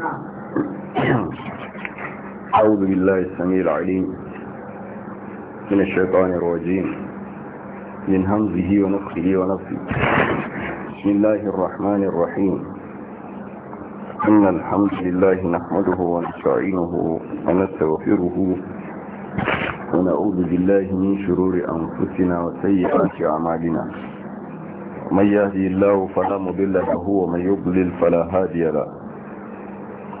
نعم. أعوذ بالله السميع العليم من الشيطان الرجيم من همزه ونفخه ونفخه بسم الله الرحمن الرحيم إن الحمد لله نحمده ونستعينه ونستغفره ونعوذ بالله من شرور أنفسنا وسيئات أعمالنا من يهدي الله فلا مضل له ومن يضلل فلا هادي له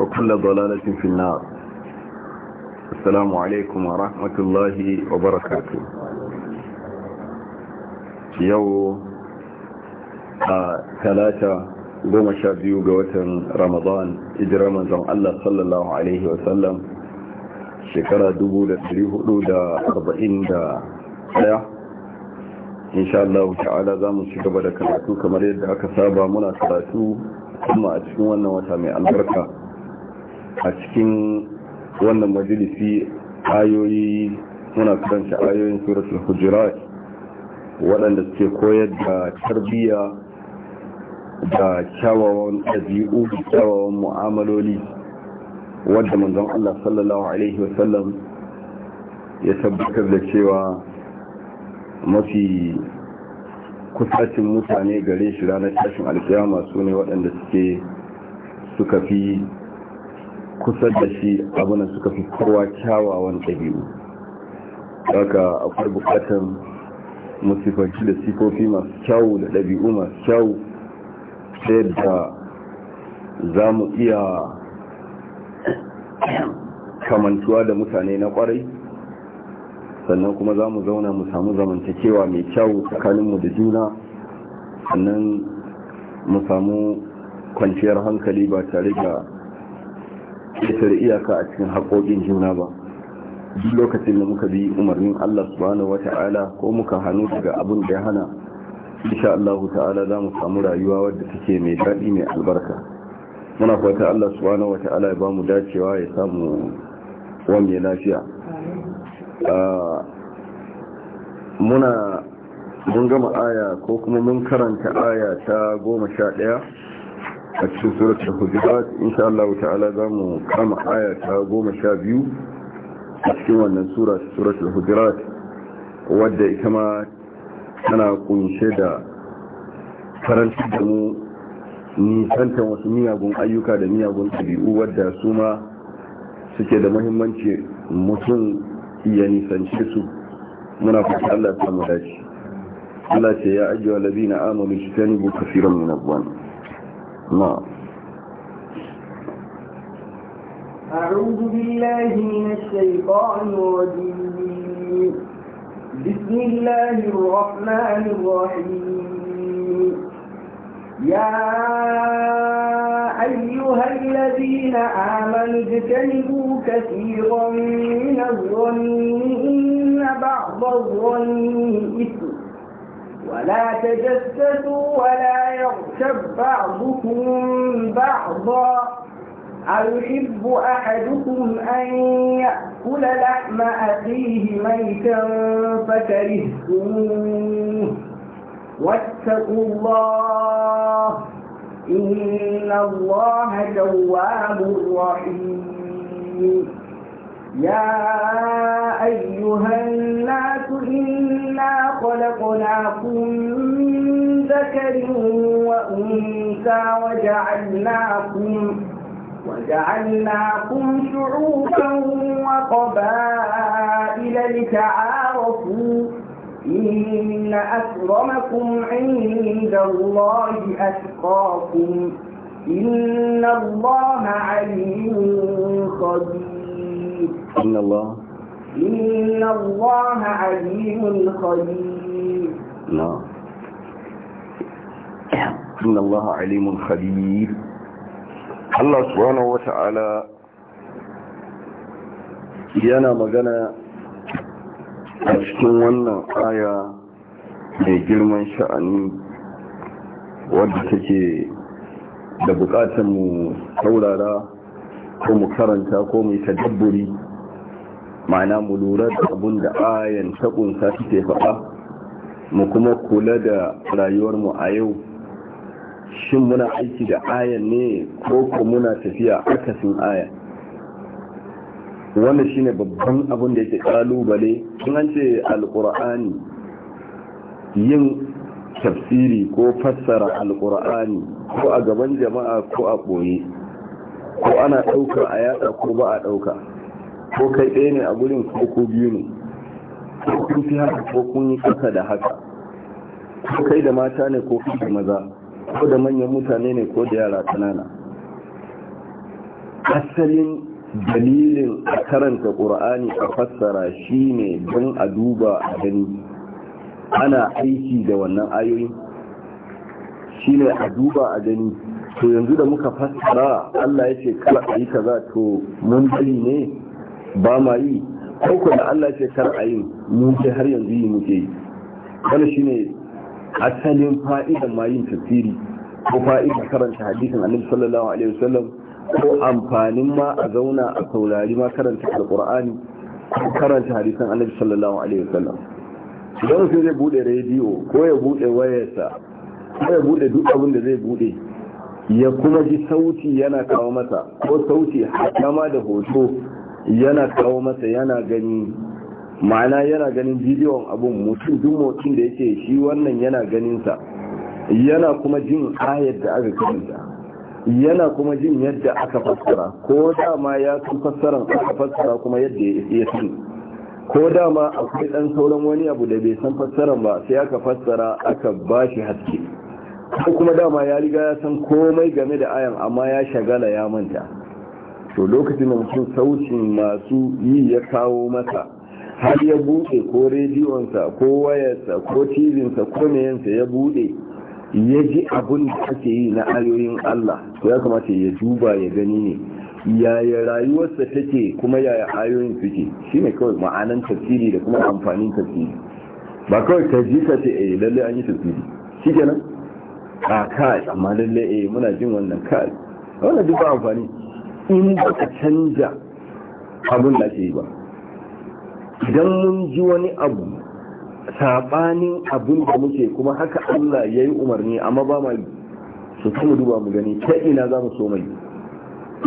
وكل ضلالة في النار السلام عليكم ورحمة الله وبركاته يوم ثلاثة goma sha biyu ga watan ramadan ijirar manzon Allah sallallahu Alaihi wasallam shekara da ɗaya. Allah ta'ala za mu ci gaba da karatu kamar yadda aka saba muna karatu kuma a cikin wannan wata mai albarka a cikin wannan majalisi ayoyi muna karanta ayoyin suratul hujurat waɗanda suke koyar da tarbiyya da kyawawan ɗabi'u da kyawawan mu'amaloli wadda manzon Allah sallallahu alaihi wasallam ya tabbatar da cewa mafi kusacin mutane gare shi ranar tashin alkiyama su ne waɗanda suke suka fi kusa da shi abuna suka fi kowa kyawawan ɗabi'u haka akwai bukatar musifanci da sifofi masu kyawu da ɗabi'u masu kyawu sai da za mu iya kamantuwa da mutane na kwarai sannan kuma za mu zauna mu samu zamantakewa mai kyawu tsakaninmu da juna sannan mu samu kwanciyar hankali ba tare da ƙetar iyaka a cikin haƙoƙin juna ba duk lokacin da muka bi umarnin Allah subhanahu ta'ala ko muka hannu daga abin da ya hana insha Allah ta'ala za mu samu rayuwa wadda take mai daɗi mai albarka muna fata Allah subhanahu ta'ala ya ba mu dacewa ya samu mai lafiya ah, muna mun gama aya ko kuma mun karanta aya ta goma sha ɗaya a cikin suratul hujurat insha Allah ta'ala zamu kama aya ta goma sha biyu a cikin wannan sura suratul hujurat wadda ita ma tana kunshe da karanta da mu nisantar wasu miyagun ayyuka da miyagun tabi'u wadda su ma suke da muhimmanci mutum ya nisance su muna fata Allah ya mu dace Allah ce ya ajiye wa labina amonu shi ta nubu kafiran munabban نعم أعوذ بالله من الشيطان الرجيم بسم الله الرحمن الرحيم يا أيها الذين آمنوا اجتنبوا كثيرا من الظن إن بعض الظن إثم ولا تجسسوا ولا يغتب بعضكم بعضا أيحب أحدكم أن يأكل لحم أخيه ميتا فكرهتموه واتقوا الله إن الله تواب رحيم يا أيها الناس إنا خلقناكم من ذكر وأنثى وجعلناكم وجعلناكم شعوبا وقبائل لتعارفوا إن أكرمكم عند الله أتقاكم إن الله عليم خبير إن الله إن الله عليم خبير نعم إن الله عليم خبير الله سبحانه وتعالى yana magana a cikin wannan aya mai girman sha'ani wadda take da bukatar mu saurara ko mu karanta ko mu yi tadabburi ma'ana mu lura da abun da ayan ta kunsa suke faɗa mu kuma kula da rayuwar mu a yau shin muna aiki da ayan ne ko ko muna tafiya akasin aya wannan shine babban abun da yake kalubale in an ce alqur'ani yin tafsiri ko fassara alqur'ani ko a gaban jama'a ko a ɓoye? ko ana ɗauka a yatsa ko ba a ɗauka ko kai ɗaya ne a gurin ko ko biyu ne ko kun fi haka ko kun yi kasa da haka ko kai da mata ne ko kai da maza ko da manyan mutane ne ko da yara kanana asalin dalilin a karanta ƙur'ani a fassara shi ne don a duba a gani ana aiki da wannan ayoyi shi ne a duba a gani to yanzu da muka fassara allah ya ce kala a yi kaza to mun bari ne ba ma yi ko da Allah ce kar a yi muke har yanzu yi muke yi wani shine asalin fa'idan ma yin tafsiri ko fa'idan karanta hadisin annabi sallallahu alaihi wasallam ko amfanin ma a zauna a saurari ma karanta alqur'ani ko karanta hadisin annabi sallallahu alaihi wasallam idan mutum zai bude rediyo ko ya bude wayarsa ko ya bude duk abin da zai bude ya kuma ji sauti yana kawo masa ko sauti hama da hoto yana kawo masa yana gani ma'ana yana ganin bidiyon abun mutum duk mutum da yake shi wannan yana ganinsa yana kuma jin ayar da aka karanta yana kuma jin yadda aka fassara ko dama ya san fassaran aka fassara kuma yadda ya sani ko dama akwai dan sauran wani abu da bai san fassaran ba sai aka fassara aka bashi haske ko kuma dama ya riga ya san komai game da ayan amma ya shagala ya manta to lokacin da mutum sautin masu yi ya kawo masa har ya buɗe ko rediyonsa ko wayarsa ko tilinsa ko meyansa ya buɗe ya ji abin da ake yi na ayoyin Allah to ya kamata ya duba ya gani ne yaya rayuwarsa take kuma yaya ayoyin suke ne kawai ma'anan tafsiri da kuma amfanin tafsiri ba kawai ka ji ka ce eh lalle an yi tafsiri shikenan a kai amma lalle eh muna jin wannan kai wannan duk ba amfani in ba ka canja abin da ke ba idan mun ji wani abu sabanin abin da muke kuma haka Allah ya yi umarni amma ba ma su kuma duba mu gani ta ina za mu so mai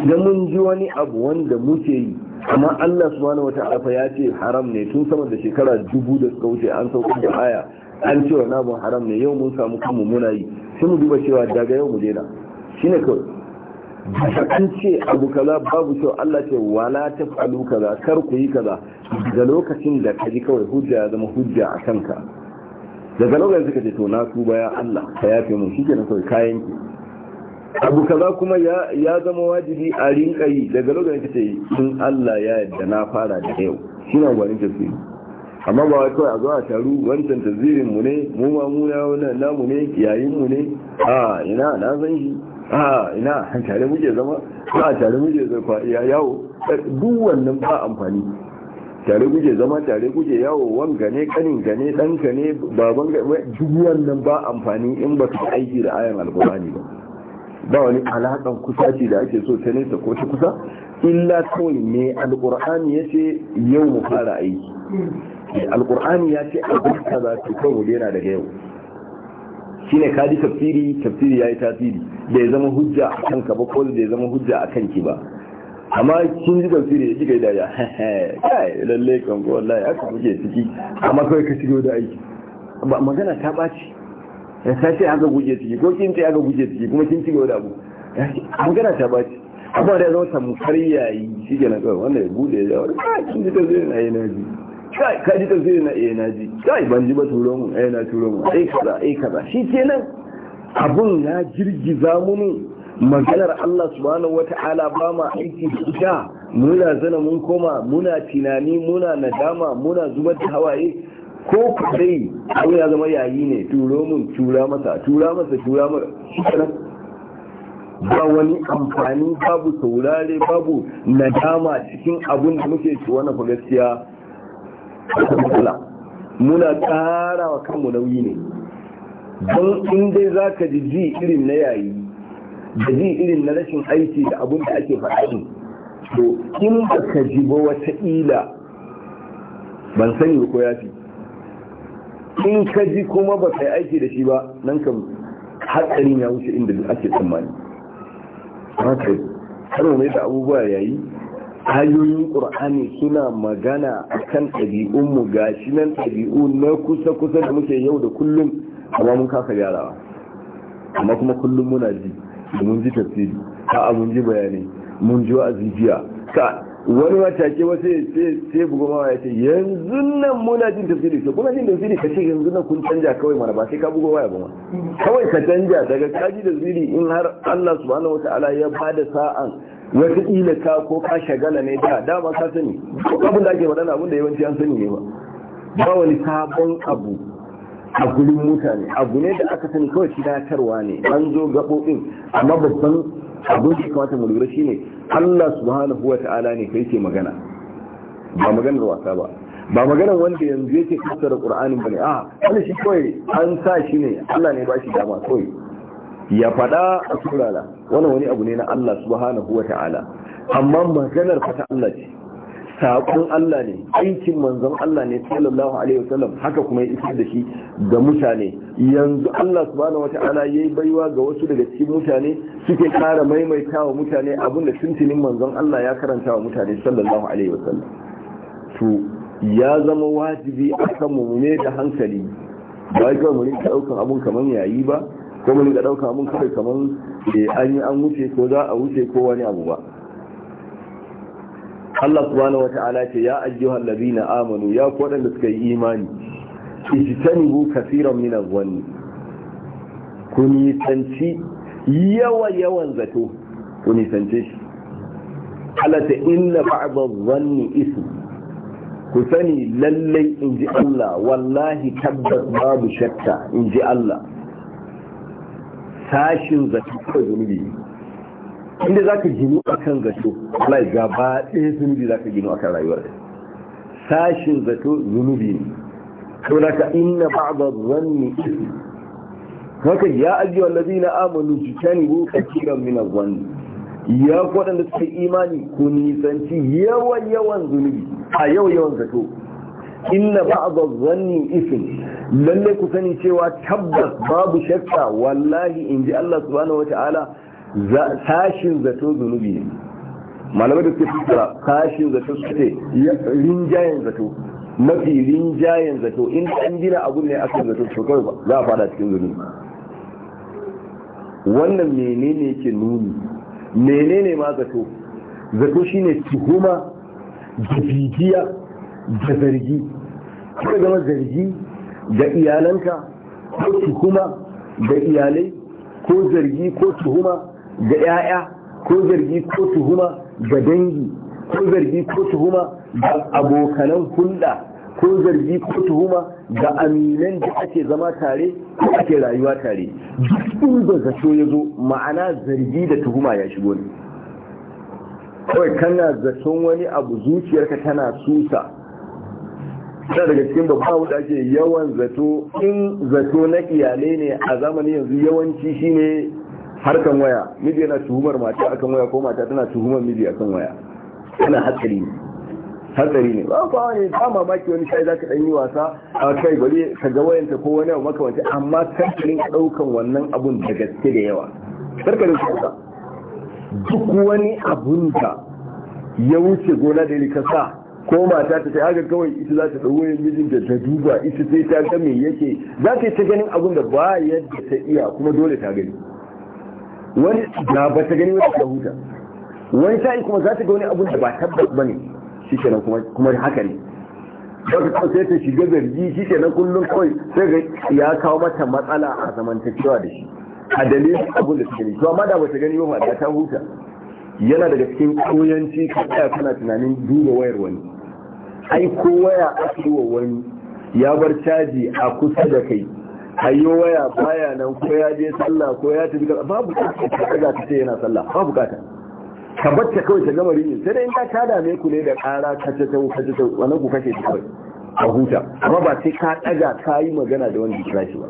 idan mun ji wani abu wanda muke yi amma Allah subhanahu wa ta'ala ya ce haram ne tun sama da shekara dubu da suka wuce an sauka da aya an cewa na haram ne yau mun samu kanmu muna yi sai mu duba cewa daga yau mu daina shine kawai an ce abu kaza babu kyau Allah ce wala tafalu kaza kar ku yi kaza da lokacin da ka ji kawai hujja ya zama hujja a kanka daga lokacin suka ce to na tuba ya Allah ka yafe mun shi kenan kawai kayan ki abu kaza kuma ya zama wajibi a rinka yi daga lokacin ka ce in Allah ya yadda na fara da yau shi na gwanin tafsiri amma ba wai kawai a zuwa taru wancan tazirin mu ne mu ma mu na namu ne yayin mu ne a ina na san shi a ina an tare muke zama ba a tare muke zama ya yawo duk wannan ba amfani tare kuke zama tare kuke yawo wan ne kanin gane dan gane baban gane duk wannan ba amfani in ba ka aiki da ayan alkurani ba ba wani kusa kusaci da ake so ta nesa ko ta kusa illa kawai ne alkurani ya ce yau mu fara aiki alkurani ya ce abin kaza to kawai mu daina daga yau shine ka ji tafsiri tafsiri yayi tasiri bai zama hujja a kanka ba ko bai zama hujja a kanki ba amma kin ji tafsiri ya ji yi daya kai lalle kan ko wallahi aka kuke ciki amma kai ka shigo da aiki ba magana ta ɓaci ya sace aka guje ciki ko kin ce aka guje ciki kuma kin ci gaba da abu magana ta ɓaci amma da ya zama tamkar yayi shi ke na kawai wanda ya bude ya wani kin ji ta zai na yi na biyu kai ka ji na iya eh, naji kai ban ji ba turo mu eh na turo mu eh kaza eh kaza shi kenan abun ya girgiza mu maganar Allah subhanahu wata'ala ba ma aiki da, muna zana mun koma muna tunani muna nadama muna zubar da hawaye ko kudai abu ya zama yayi ne turo mun tura masa tura masa tura masa ba wani amfani babu saurare babu nadama cikin abun da muke ci wani gaskiya muna ƙara wa kanmu nauyi ne don in dai za ka ji ji irin na yayi da ji irin na rashin aiki da abin da ake faɗi to in ba ka ji ba wata ila ban sani ko ya fi in ka ji kuma ba ka yi aiki da shi ba nan kam hatsarin ya wuce inda ake tsammani haka karo mai da abubuwa yayi ayoyin ƙur'ani suna magana a kan ɗabi'unmu ga shi nan ɗabi'u na kusa-kusa da muke yau da kullum amma mun kasa gyarawa amma kuma kullum muna ji da mun ji tafsiri ka mun ji bayani mun ji wa jiya ka wani matake wasu sai bugowa ya ce yanzu nan muna jin tafsiri sai kuma jin tafsiri ka ce yanzu nan kun canja kawai mana ba sai ka bugo waya ba kawai ka canja daga kaji da ziri in har Allah subhanahu wataala ya bada sa'an wata ila ka ko ka shagala ne da dama ka sani ko abin da ake magana abin da yawanci an sani ne ba ba wani sabon abu a gurin mutane abu ne da aka sani kawai shi tunatarwa ne an zo gaɓoɓin amma babban abin da kamata mu lura shine Allah subhanahu wa ta'ala ne kai ke magana ba maganar wasa ba ba maganar wanda yanzu yake fassara Qur'anin bane a wani shi kawai an sa shi ne Allah ne ba shi dama kawai ya faɗa a wannan wani abu ne na Allah subhanahu wa ta'ala amma maganar fata Allah ce saƙon Allah ne aikin manzon Allah ne sallallahu alaihi wasallam haka kuma ya isar da shi ga mutane yanzu Allah subhanahu wata'ala yayi baiwa ga wasu daga cikin mutane suke fara maimaitawa mutane abinda tuntunin manzon Allah ya karanta wa mutane sallallahu alaihi wasallam to ya zama wajibi kan mu ne da hankali ba ga mu ne daukan abun kaman yayi ba ko mu rinka daukan abun kai kaman an yi an wuce ko za a wuce ko wani abu ba Allah subhanahu wata'ala ce ya ayyuhal ladina amanu ya ku da suka yi imani ijtanibu kaseeran min adh-dhanni ku nisanci yawa yawan zato ku nisance shi Allah ta inna ba'd adh-dhanni ism ku sani lallai inji Allah wallahi tabbas babu shakka inji Allah tashin zato kawai zunubi inda za ka gino a kan zato Allah gaba ɗaya zunubi za ka gino a kan rayuwar tashin zato zunubi ne to da ka inna ba'da zanni ismi ka ya ajiye wallazi na amanu jikani bu kakiran mina azwanni ya waɗanda suke imani ko nisanci yawan yawan zunubi a yawan yawan zato inna ba'da zanni ism lalle ku sani cewa tabbas babu shakka wallahi in ji Allah subhanahu wataala sashin zato zunubi ne malamai da suke fitara sashin zato suke rinjayen zato mafi rinjayen zato in an gina abu ne akan zato to kawai za a fada cikin zunubi wannan menene yake nuni menene ma zato zato shine tuhuma da bibiya da zargi kuma gama zargi da iyalanka ko tuhuma da iyalai ko zargi ko tuhuma da 'ya'ya ko zargi ko tuhuma da dangi ko zargi ko tuhuma da abokanan hulɗa ko zargi ko tuhuma da aminan da ake zama tare ko ake rayuwa tare duk inda zato ya zo ma'ana zargi da tuhuma ya shigo ne kawai kana zaton wani abu zuciyarka tana susa ta daga cikin babban abu da ake yawan zato in zato na iyalai ne a zamani yanzu yawanci shine harkan waya miji yana tuhumar mata akan waya ko mata tana tuhumar miji akan waya yana hatsari ne hatsari ne ba kwa ne ba mamaki wani shayi zaka dan yi wasa a kai bari ka ga wayanta ko wani abu makamanci amma kankanin daukan wannan abun da gaske da yawa sarkarin kanka duk wani abun ya wuce gona da ka sa ko mata ta sai haka kawai ita za ta ɗauwa mijin da ta duba ita sai ta ga me yake za ta yi ta ganin abin da ba yadda ta iya kuma dole ta gani wani na ba ta gani wata ta huta wani sa'i kuma za ta ga wani abin da ba tabbas ba ne shi kenan kuma haka ne wata kawai sai ta shiga zargi shi kenan kullum kawai sai ga ya kawo mata matsala a zamantakewa da shi a dalilin abin da ta gani to amma da ba ta gani ba ta huta yana daga cikin koyanci ka tsaya kana tunanin duba wayar wani ai ko waya aka wa wani ya bar caji a kusa da kai hayo waya baya nan ko ya je sallah ko ya tafi ba bukata ka daga ta ce yana sallah ba bukata ka bacce kawai ta gama rini sai dai in ka tada me ku ne da ƙara ka ta tau ka ta tau wannan ku kashe ta kawai a huta amma ba sai ka daga ka yi magana da wani kira shi ba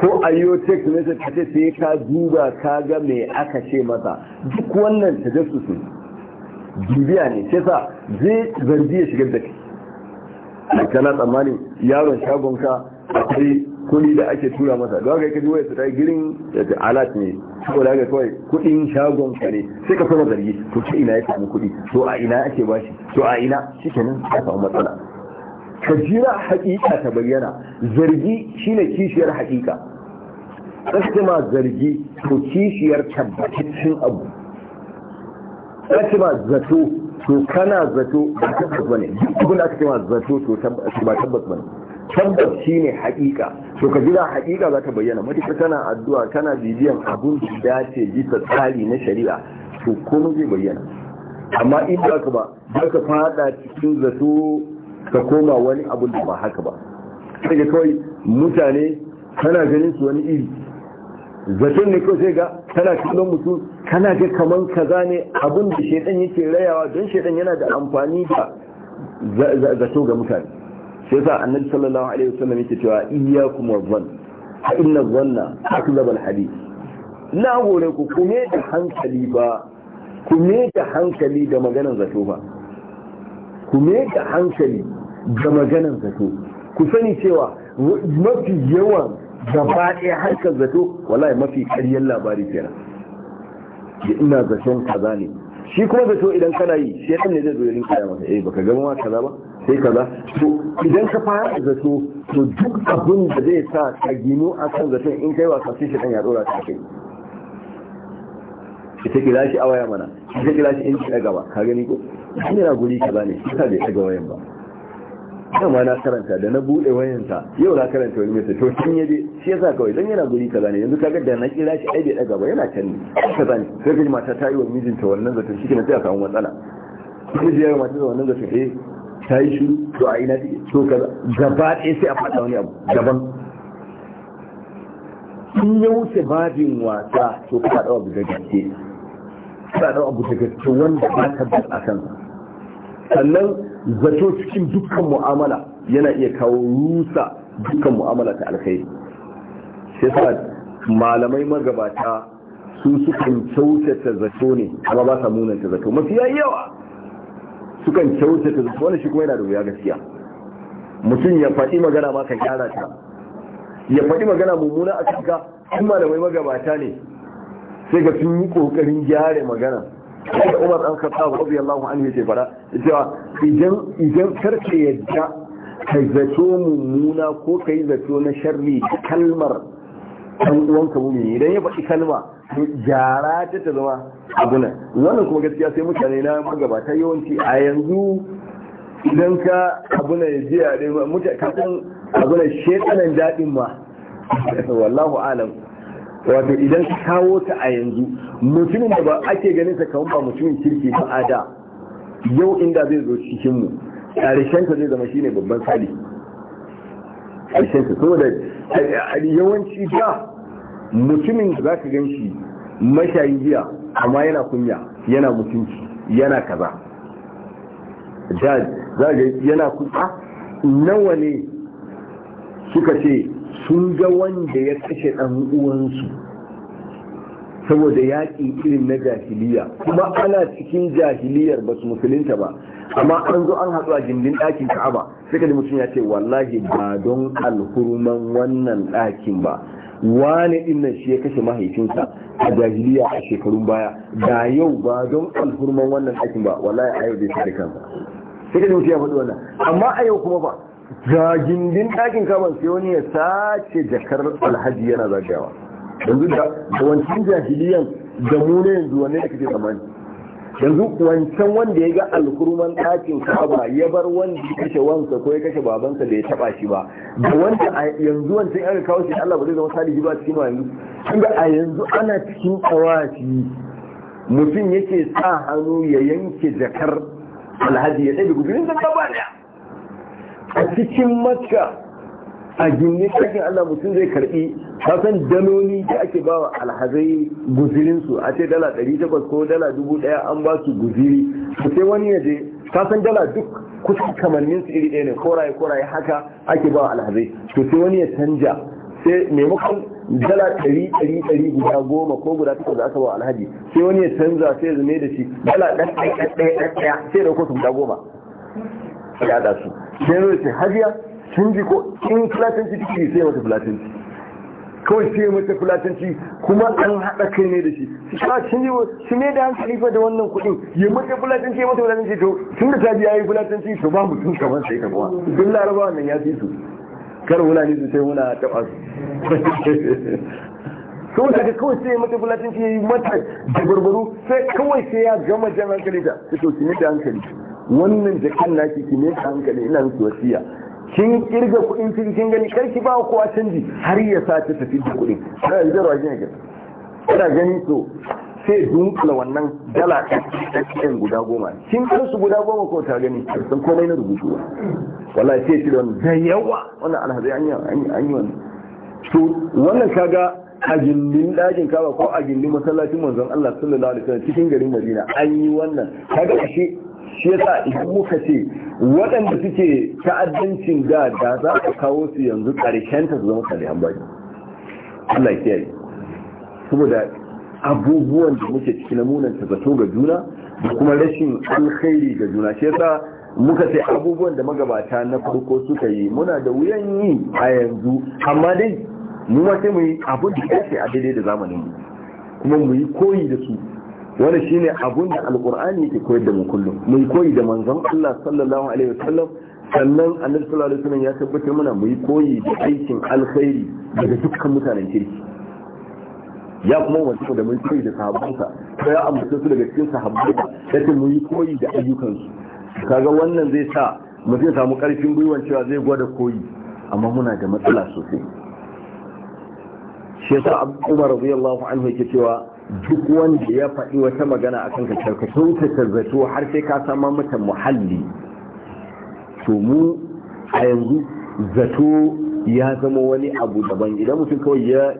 ko ayyo tek ne message sai ka duba ka ga me aka ce masa duk wannan tajassus ne dubiya ne sai sa zai zargi ya shigar da kai a kana tsammanin yaron ka akwai kuɗi da ake tura masa don haka ka duwaye su ta girin da alat ne da ga kawai kuɗin shagon ka ne sai ka fara zargi to ta ina ya samu kuɗi to a ina ake bashi to a ina shikenan ya samu matsala ka jira haƙiƙa ta bayyana zargi shine kishiyar haƙiƙa tsakima zargi to kishiyar tabbataccen abu tsakima zato to kana zato ba tabbas bane duk abin da aka ce zato to ba tabbas bane tabbas shine haƙiƙa to ka jira haƙiƙa za ta bayyana matuƙa kana addu'a kana bibiyan abun da ya ce bisa tsari na shari'a to komai zai bayyana amma in ba ka ba za ka fada cikin zato ka koma wani abun da ba haka ba sai kawai mutane kana ganin su wani iri zaton ne ko sai ga kana kallon mutum kana ga kamar kaza ne abin da shaidan yake rayawa don shaidan yana da amfani da zato ga mutane sai sa annabi sallallahu alaihi wasallam yake cewa iyyakum wadhann fa inna dhanna akdhab alhadith na gore ku kume da hankali ba kume da hankali da maganar zato ba kume da hankali da maganar zato ku sani cewa mafi yawan gaba ɗaya harkar zato wallahi mafi ƙaryar labari kenan da ina zaton kaza ne shi kuma zato idan kana yi shi ɗan ne zai zo yin kaya masa eh baka gama ma kaza ba sai kaza to idan ka fara zato to duk abin da zai sa ka gino a kan zaton in kai wasa sai shi ɗan ya ɗora ta kai ita kira shi a waya mana ita kira shi in ci gaba ka gani ko ina guri kaza ne ita bai ɗaga wayan ba dama na karanta da na bude wayanta yau na karanta wani mai to kin yaje shi yasa kawai dan yana guri kaza ne yanzu kaga da na kira shi ai bai daga ba yana can ne kaza ne sai kaji mata ta yi wa mijinta wannan zato shi kenan sai a samu matsala miji yayi mata wannan zato eh ta yi shiru to a yi na take to kaza gaba ɗaya sai a faɗa wani abu daban sun ya wuce babin wasa to ka dawo abu da gaske ka dawo abu da gaske wanda ba ka bar a kansa sannan zato cikin dukkan mu'amala yana iya kawo rusa dukkan mu'amala ta alkhairi sai sa malamai magabata su sukan kyautata zato ne amma ba sa munanta zato mafi yawa sukan kyautata zato wani shi kuma yana da wuya gaskiya mutum ya faɗi magana ma kan gyara ta ya faɗi magana mummuna a cikin kuma da mai magabata ne sai ga sun yi ƙoƙarin gyara magana da Umar dan Khattab radiyallahu an yi fara cewa idan idan karke yadda kai zato mummuna ko kai zato na sharri kalmar dan uwanka mumini idan ya faɗi kalma jara ta ta zama abuna wannan kuma gaskiya sai mutane na magabata yawanci a yanzu idan ka abuna ya ji a dai mutane kasan abuna shekaran daɗin ma wallahu alam wato idan ka kawo ta a yanzu mutumin da ba ake ganin sa kamar ba mutumin kirki ba a da yau inda zai zo cikin mu karshen ta zai zama shine babban sali karshen ta saboda yawanci da mutumin da zaka gan shi mashayin giya amma yana kunya yana mutunci yana kaza da za ga yana kuka nawa ne suka ce sun ga wanda ya kashe ɗan uwansu saboda yaƙi irin na jahiliya kuma ana cikin jahiliyar ba su musulunta ba amma an zo an haɗu a gindin ɗakin ka'aba sai da mutum ya ce wallahi ba don alhurman wannan ɗakin ba wane dinnan shi ya kashe mahaifinsa a jahiliya a shekarun baya da yau ba don alhurman wannan ɗakin ba wallahi a yau zai sa da kansa sai da mutum ya faɗi wannan amma a yau kuma ba ga gindin ɗakin kamar sai wani ya sace jakar alhaji yana zagayawa yanzu da wancan jahiliyan da mu ne yanzu wanne da kake tsammani yanzu wancan wanda ya ga alkurman ɗakin kaba ya bar wanda ya kashe wansa ko ya kashe babansa da ya taɓa shi ba da wanda a yanzu wancan an kawo shi Allah ba zai zama salihi ba cikin wani tunda a yanzu ana cikin tsawaci mutum yake sa hannu ya yanke jakar alhaji ya ɗaya da gudunin da ba da a cikin makka a gindi ɗakin Allah mutum zai karɓi kasan daloli da ake bawa alhazai guzirinsu a ce dala 800 ko dala 1000 an ba su guziri sai wani ya je kasan dala duk kusan kamannin su iri ɗaya ne koraye koraye haka ake bawa alhazai to sai wani ya canja sai maimakon dala ɗari ɗari ɗari guda goma ko guda takwas da aka ba alhaji sai wani ya canza sai zume da shi dala ɗan ɗaya ɗaya ɗaya sai da kusa guda goma ya da su sai ce hajiya sun ji ko in fulatanci ciki sai mata fulatanci kawai sai mata fulatanci kuma an haɗa kai ne da shi a ah, sun ji su ne da hankali fa da wannan kuɗin ya mata fulatanci ya mata fulatanci to tun da ta biya yi fulatanci to ba mutum kamar sai kamuwa duk laraba wannan ya fi su kar wulani su sai muna taɓa su kawai da kawai sai mata fulatanci ya yi mata da barbaro sai kawai sai ya gama jan hankali ta to su ne da hankali wannan jakan naki ki ne hankali ina miki wasiya kin kirga kuɗin kin kin gani kar ki ba kowa canji har ya sace tafi da kuɗin sai ya zara gina gina kana gani to sai dunkula wannan dala ɗin guda goma kin kar su guda goma ko ta gani san komai na rubutu wallahi sai shi da wannan da yawa wannan alhazai an yi an yi wannan to wannan kaga a gindin ɗakin kaba ko a gindin masallacin manzon Allah sallallahu alaihi wasallam cikin garin Madina an yi wannan kaga ashe shi yasa idan muka ce waɗanda suke ta'addancin da da za ka kawo su yanzu ƙarshen ta zama an baki Allah yi saboda abubuwan da muke ciki na ta zato ga juna da kuma rashin alkhairi ga juna shi yasa muka ce abubuwan da magabata na farko suka yi muna da wuyan yi a yanzu amma dai mu ma sai mu yi abin da ya a daidai da zamanin mu kuma mu yi koyi da su wani shine abun da alkur'ani ke koyar da mu kullum mun koyi da manzon Allah sallallahu alaihi wasallam sannan annabi sallallahu alaihi wasallam ya tabbatar mana mu yi koyi da aikin alkhairi daga dukkan mutanen kirki ya kuma wanda da mun koyi da sahabbansa sai ya ambata su daga cikin sahabbai yace mu yi koyi da ayyukansu kaga wannan zai sa mutum samu karfin gwiwan cewa zai gwada koyi amma muna da matsala sosai shi yasa Umar radiyallahu anhu yake cewa duk wanda ya faɗi wata magana a kan karkashin ka zato har sai ka sama mata muhalli to mu a yanzu zato ya zama wani abu daban idan mutum kawai ya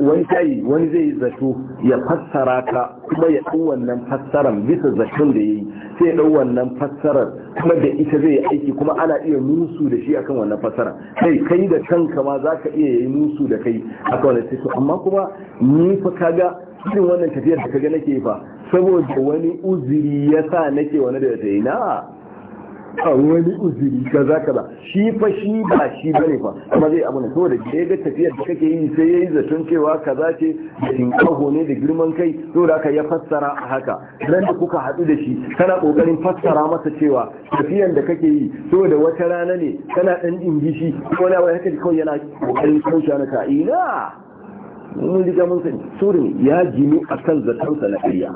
wani tayi wani zai zato ya fassara ka kuma ya ɗau wannan fassarar bisa zaton da ya yi sai ya ɗau wannan fassarar kuma da ita zai aiki kuma ana iya musu da shi akan wannan fassara kai kai da kanka ma za ka iya yi musu da kai akan wannan sai amma kuma ni fa kaga irin wannan tafiyar da kaga nake fa saboda wani uzuri ya sa nake wani da ta yi na a wani uzuri ka za ka ba shi fa shi ba shi ba ne fa amma zai abu ne saboda da ga tafiyar da kake yi sai ya yi zaton cewa kaza ce da tinkaho ne da girman kai saboda haka ya fassara a haka ran da kuka haɗu da shi kana ƙoƙarin fassara masa cewa tafiyar da kake yi saboda wata rana ne kana ɗan ingishi ko na wani haka kawai yana ƙoƙarin kauce na ka ina mun riga mun sani surin ya jinu a kan zatansa na ƙarya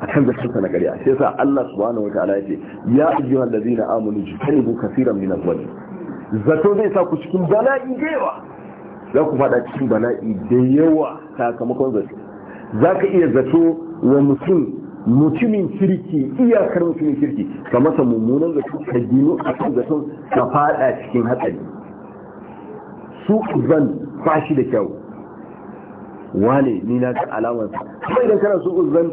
a kan zatansa na ƙarya sai sa Allah subhanahu wa ta'ala ya ce ya ayyuhan ladina amanu jitanibu kaseeran min al-wajh zato zai sa ku cikin bala'i da yawa za ku fada cikin bala'i da yawa sakamakon zato za ka iya zato wa mutum mutumin kirki iyakar mutumin kirki ka masa mummunan zato ka gino a kan ka fada cikin hatsari su zan fashi da kyau wane ni na ga alamar kuma idan kana so uzan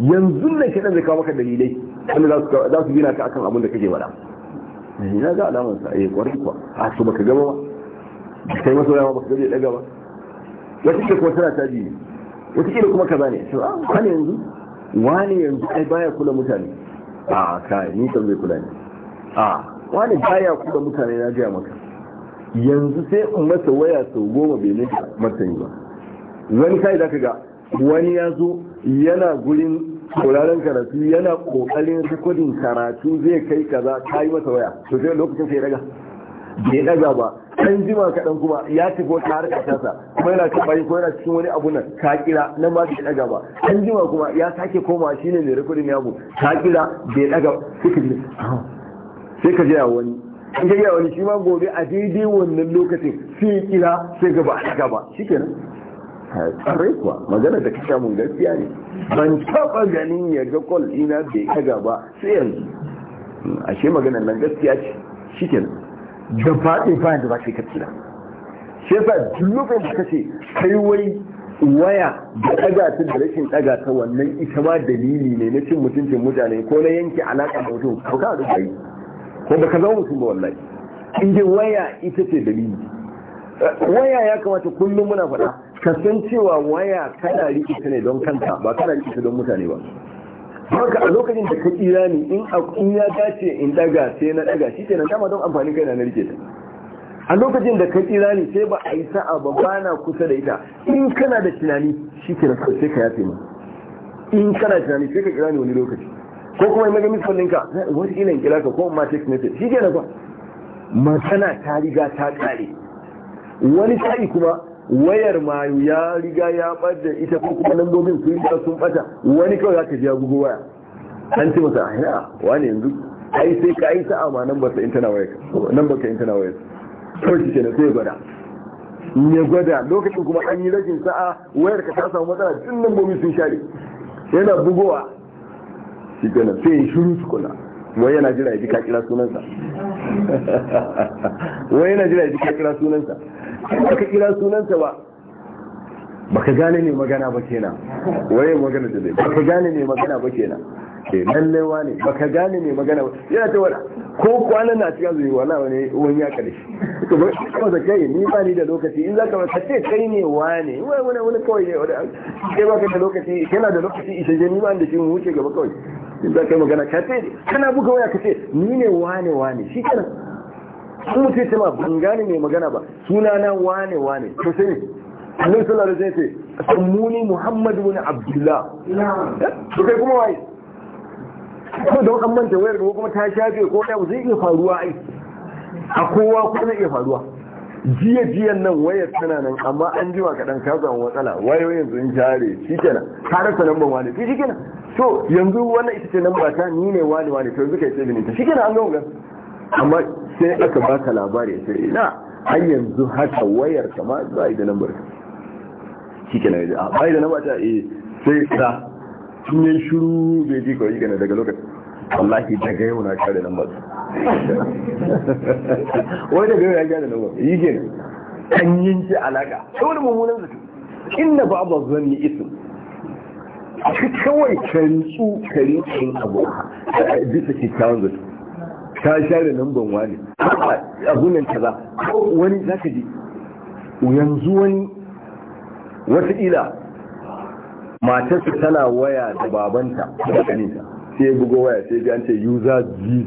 yanzu ne kidan zai kawo maka dalilai wanda za su gina ka akan abin da kake wada ni eh, na ga alamar sa eh kwari kuwa a su baka gaba ba kai maso yawa baka gaba daga ba wata kila kuma tana taji ne wata kila kuma kaza ne to ah wane yanzu wane yanzu ai baya kula mutane a kai ni kan zai kula ne a wane baya kula mutane na gaya maka yanzu sai in masa waya sau goma bai nufi martani ba wani sai da ka ga wani ya zo yana gurin sauraron karatu yana kokarin rikodin karatu zai kai kaza ta yi masa waya to sai lokacin sai daga bai daga ba kan jima kaɗan kuma ya ko ta harka tasa kuma yana ta bayi ko yana cikin wani abu nan ka kira nan ba bai daga ba kan jima kuma ya sake koma shine mai rikodin ya bu ka kira bai daga sai ka jira a wani in ka wani shi ma gobe a daidai wannan lokacin sai kira sai gaba a daga ba kenan Tare kuwa magana da kasha mun gaskiya ne ban taba ganin ya ga kwal ina bai kaga ba sai yanzu ashe magana nan gaskiya ce shi ke da faɗin bayan da ba shi kacci da shi yasa duk da kace kai wai waya da ɗaga ta da rashin ɗaga ta wannan ita ma dalili ne na cin mutuncin mutane ko na yanke alaƙa da mutum ko ka rubuta yi ko ba ka zama mutum ba wallahi in waya ita ce dalili waya ya kamata kullum muna faɗa cewa waya kana rikita ne don kanta, ba kana rikita don mutane ba haka a lokacin da ka tsira ni in a ya dace in daga sai na daga shi kenan dama don amfani kai na na rike ta a lokacin da ka tsira ni sai ba a yi sa'a ba bana kusa da ita in kana da tunani shi kenan sai ka yafe ma in kana da tunani sai ka kira ni wani lokaci ko kuma in naga misfan ɗinka ilan in kira ka ko ma text message shi kenan ba magana ta riga ta kare wani sa'i kuma wayar mayu ya riga ya bada ita ko kuma lambobin su yi sun bata wani kawai zaka ji ya bugu waya an ce masa aina wani yanzu ai sai ka yi sa'a ma nan ba sa intana waya nan ba ka intana waya to shi kenan sai gwada ya gwada lokacin kuma an yi rajin sa'a wayar ka ta samu matsala tun lambobin sun share yana bugowa shi kenan sai shiru su kula wai yana jira ya ji ka kira sunansa wai yana jira ya ji ka kira sunansa ba ba baka gane ne magana ba kenan wai magana da zai baka gane ne magana ba kenan ke eh, lalle wane baka gane ne magana ba yana ta wada ko kwanan na cikin zai wala wani wani ya kare to ba shi kuma da kai ni ba ni da lokaci in zaka ka ce kai ne wane wai wani wani kawai ne wani da lokaci kana da lokaci ita je ni ba da shi mu wuce gaba kawai za ka yi magana ka ce kana buga waya ka ce ni ne wane wane shi kana an mutu ce ma ban gane mai magana ba suna na wane wane to sai ne annabi sallallahu alaihi wasallam ce sammuni muhammadu bin abdullah to kai kuma waye ko da an manta wayar ko kuma ta shafe ko da zai iya faruwa ai a kowa ko zai iya faruwa jiya jiyan nan wayar tana nan amma an jima kaɗan ka samu matsala wayoyin sun jare shi kenan ka rasa lambar wani shi kenan to yanzu wannan ita ce lamba ta ni ne wani wani to yanzu kai sai ta shi kenan an ga wugan amma sai aka ka labari sai ina har yanzu haka wayar ta ma yi da lambar ka shi kenan yanzu a ba da lambar ta eh, sai ka tun shuru shiru bai ji kawai daga lokacin wallahi daga yau na kare nan masu wai daga yau ya share nan masu yi gina kan yanki alaka da mummunan zato inda ba ba zan isu a shi kawai kantsu kare abu a bisa kawon zato ta share nan ban wani gunan ta kaza wani zaka ji yanzu wani wataƙila matarsa tana waya da babanta da ƙaninta sai bugo waya sai ga an ce user z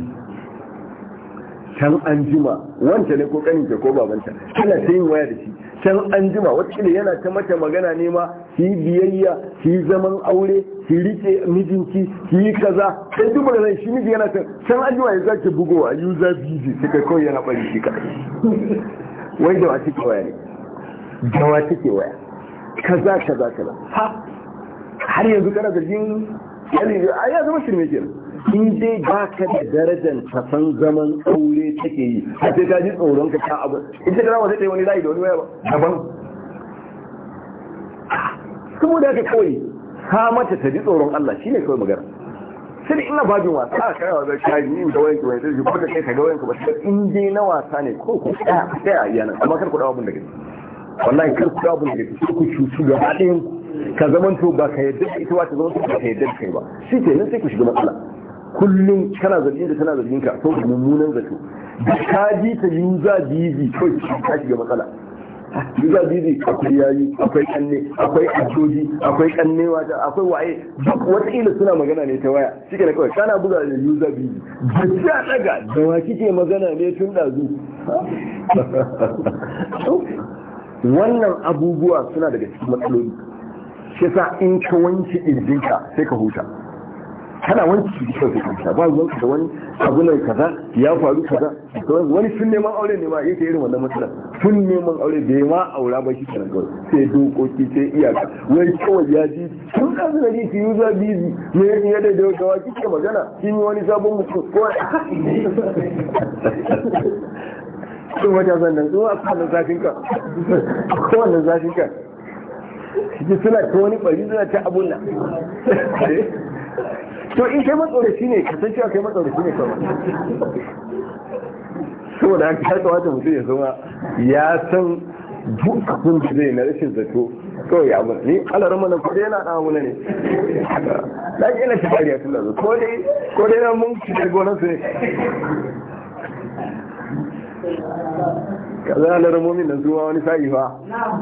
can an jima wanta ne ko ke ko babanta kana ta yin waya da shi can an jima watakila yana ta mata magana ne ma shi biyayya shi zaman aure shi rike mijinki shi yi kaza sai duk da shi miji yana can can an jima ya zaki bugowa user busy sai kai kawai yana bari shi ka wai da wace ke waya ne da wace ke waya kaza kaza kaza ha har yanzu kana zargin yani a ya zama shirme ke in dai ba ka da darajar ta zaman aure take yi a ce ka ji tsoron ka ta abu in ta dama zai ta yi wani layi da wani waya ba daban da haka koyi ka mata ta ji tsoron Allah shine kawai magana sai da ina babin wasa a kai zai kai ni da wayanki wani sai ko ta kai ka ga wayanki ba in dai na wasa ne ko ku tsaya a tsaya yana amma kar ku dawo abin da gani wallahi kar ku dawo abin da gani ku shushu gaba ɗayan ku ka zaman to ba ka yadda ita wata zama to ba ka yadda kai ba shi ke nan sai ku shiga matsala kullum kana zargin da tana zargin ka saboda mummunan zato da ka ji ta yuza bibi kawai ka shiga matsala yuza bibi akwai yayi akwai kanne akwai ajoji akwai kanne wata akwai waye duk wata ila suna magana ne ta waya shi ke kawai kana buga da yuza bibi da a daga da wa kike magana ne tun dazu wannan abubuwa suna daga cikin matsaloli shi sa in ka wanke ƙirjinka sai ka huta kana wanke kyau sai ka huta ba zuwa da wani abu kaza ya faru kaza wani sun neman aure ne ma yake irin wannan matsala sun neman aure da ya ma aura ba shi kanan kawai sai dokoki sai iyaka wai kawai ya ji sun kasu da ji yi za bizi me ya da da gawa kike magana sun yi wani sabon mutum ko sun wata a kwanan zafin ka kowannan zafin ka ji suna ta wani bari suna ta abun nan to in kai matsoraci ne ka san cewa kai matsoraci ne kawai saboda haka ya kamata mutum ya zama ya san duk abin da zai na rashin zato kawai ya abin ni alarar mana ko dai yana ɗan wani ne na ji ina shi kariya tun da ko dai ko dai na mun shi gonar su ne kaza alarmomin na zuwa wani sa'i fa